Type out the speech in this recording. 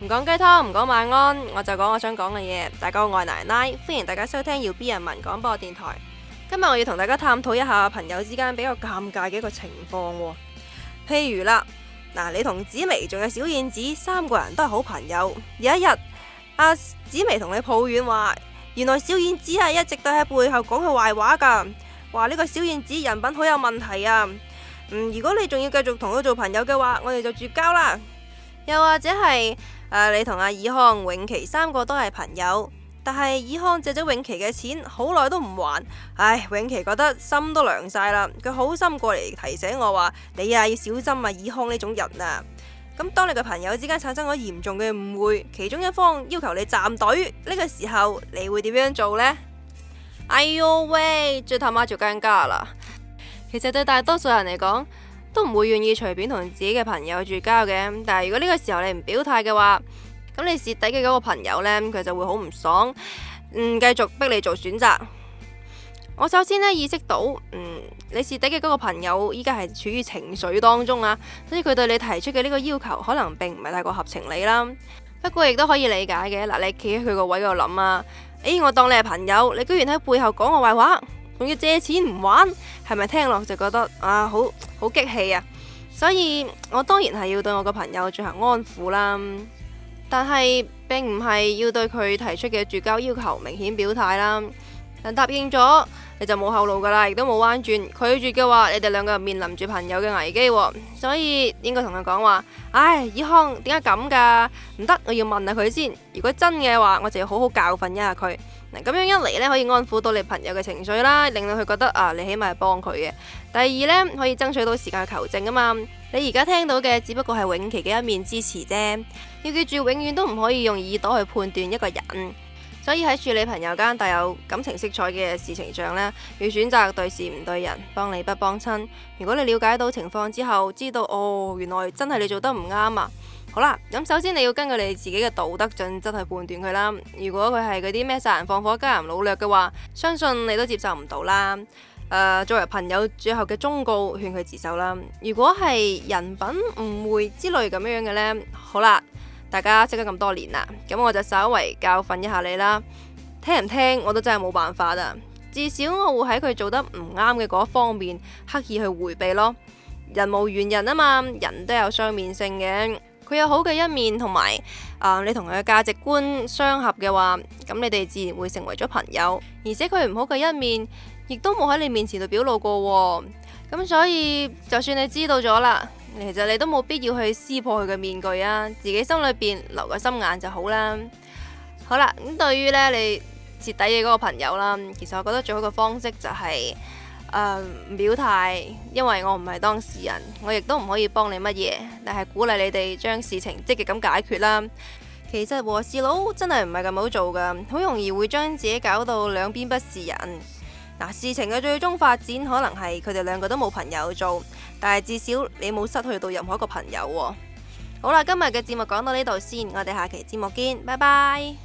唔講雞湯，唔講晚安，我就講我想講嘅嘢。大家好，我係奶奶，歡迎大家收聽要 B 人民廣播電台。今日我要同大家探討一下朋友之間比較尷尬嘅一個情況。譬如啦，嗱，你同紫薇仲有小燕子三個人都係好朋友。有一日，阿紫薇同你抱怨話，原來小燕子係一直都喺背後講佢壞話噶，話呢個小燕子人品好有問題啊。如果你仲要繼續同佢做朋友嘅話，我哋就絕交啦。又或者係。誒，你同阿爾康、永琪三個都係朋友，但係爾康借咗永琪嘅錢，好耐都唔還，唉，永琪覺得心都涼晒啦。佢好心過嚟提醒我話：你啊，要小心啊爾康呢種人啊。咁當你嘅朋友之間產生咗嚴重嘅誤會，其中一方要求你站隊呢個時候，你會點樣做呢？哎喲喂，最他媽就更加啦。其實對大多數人嚟講，都唔會願意隨便同自己嘅朋友住交嘅，但係如果呢個時候你唔表態嘅話，咁你蝕底嘅嗰個朋友呢，佢就會好唔爽，嗯，繼續逼你做選擇。我首先呢意識到，嗯，你蝕底嘅嗰個朋友依家係處於情緒當中啊，所以佢對你提出嘅呢個要求，可能並唔係太過合情理啦。不過亦都可以理解嘅，嗱，你企喺佢個位度諗啊，誒、欸，我當你係朋友，你居然喺背後講我壞話。仲要借錢唔玩，係咪聽落就覺得啊好好激氣啊！所以我當然係要對我個朋友進行安撫啦，但係並唔係要對佢提出嘅絕交要求明顯表態啦。但答應咗，你就冇後路噶啦，亦都冇彎轉。拒絕嘅話，你哋兩個人面臨住朋友嘅危機，啊，所以應該同佢講話。唉，以康點解咁噶？唔得，啊，我要問下佢先。如果真嘅話，我就要好好教訓一下佢。咁樣一嚟咧，可以安撫到你朋友嘅情緒啦，令到佢覺得啊，你起碼係幫佢嘅。第二呢，可以爭取到時間去求證啊嘛。你而家聽到嘅只不過係永琪嘅一面之詞啫。要記住，永遠都唔可以用耳朵去判斷一個人。所以喺處理朋友間帶有感情色彩嘅事情上呢，要選擇對事唔對人，幫理不幫親。如果你了解到情況之後，知道哦，原來真係你做得唔啱啊。好啦，咁首先你要根據你自己嘅道德準則去判斷佢啦。如果佢係嗰啲咩殺人放火、奸淫擄掠嘅話，相信你都接受唔到啦。誒、呃，作為朋友，最後嘅忠告，勸佢自首啦。如果係人品誤會之類咁樣嘅呢，好啦，大家識咗咁多年啦，咁我就稍微教訓一下你啦。聽唔聽我都真係冇辦法啦。至少我會喺佢做得唔啱嘅嗰方面刻意去回避咯。人無完人啊嘛，人都有雙面性嘅。佢有好嘅一面，同埋啊，你同佢嘅價值觀相合嘅話，咁你哋自然會成為咗朋友。而且佢唔好嘅一面，亦都冇喺你面前度表露過。咁所以就算你知道咗啦，其實你都冇必要去撕破佢嘅面具啊，自己心裏邊留個心眼就好啦。好啦，咁對於呢你徹底嘅嗰個朋友啦，其實我覺得最好嘅方式就係。誒，唔表態，因為我唔係當事人，我亦都唔可以幫你乜嘢。但係鼓勵你哋將事情積極咁解決啦。其實和事佬真係唔係咁好做噶，好容易會將自己搞到兩邊不是人。嗱，事情嘅最終發展可能係佢哋兩個都冇朋友做，但係至少你冇失去到任何一個朋友。好啦，今日嘅節目講到呢度先，我哋下期節目見，拜拜。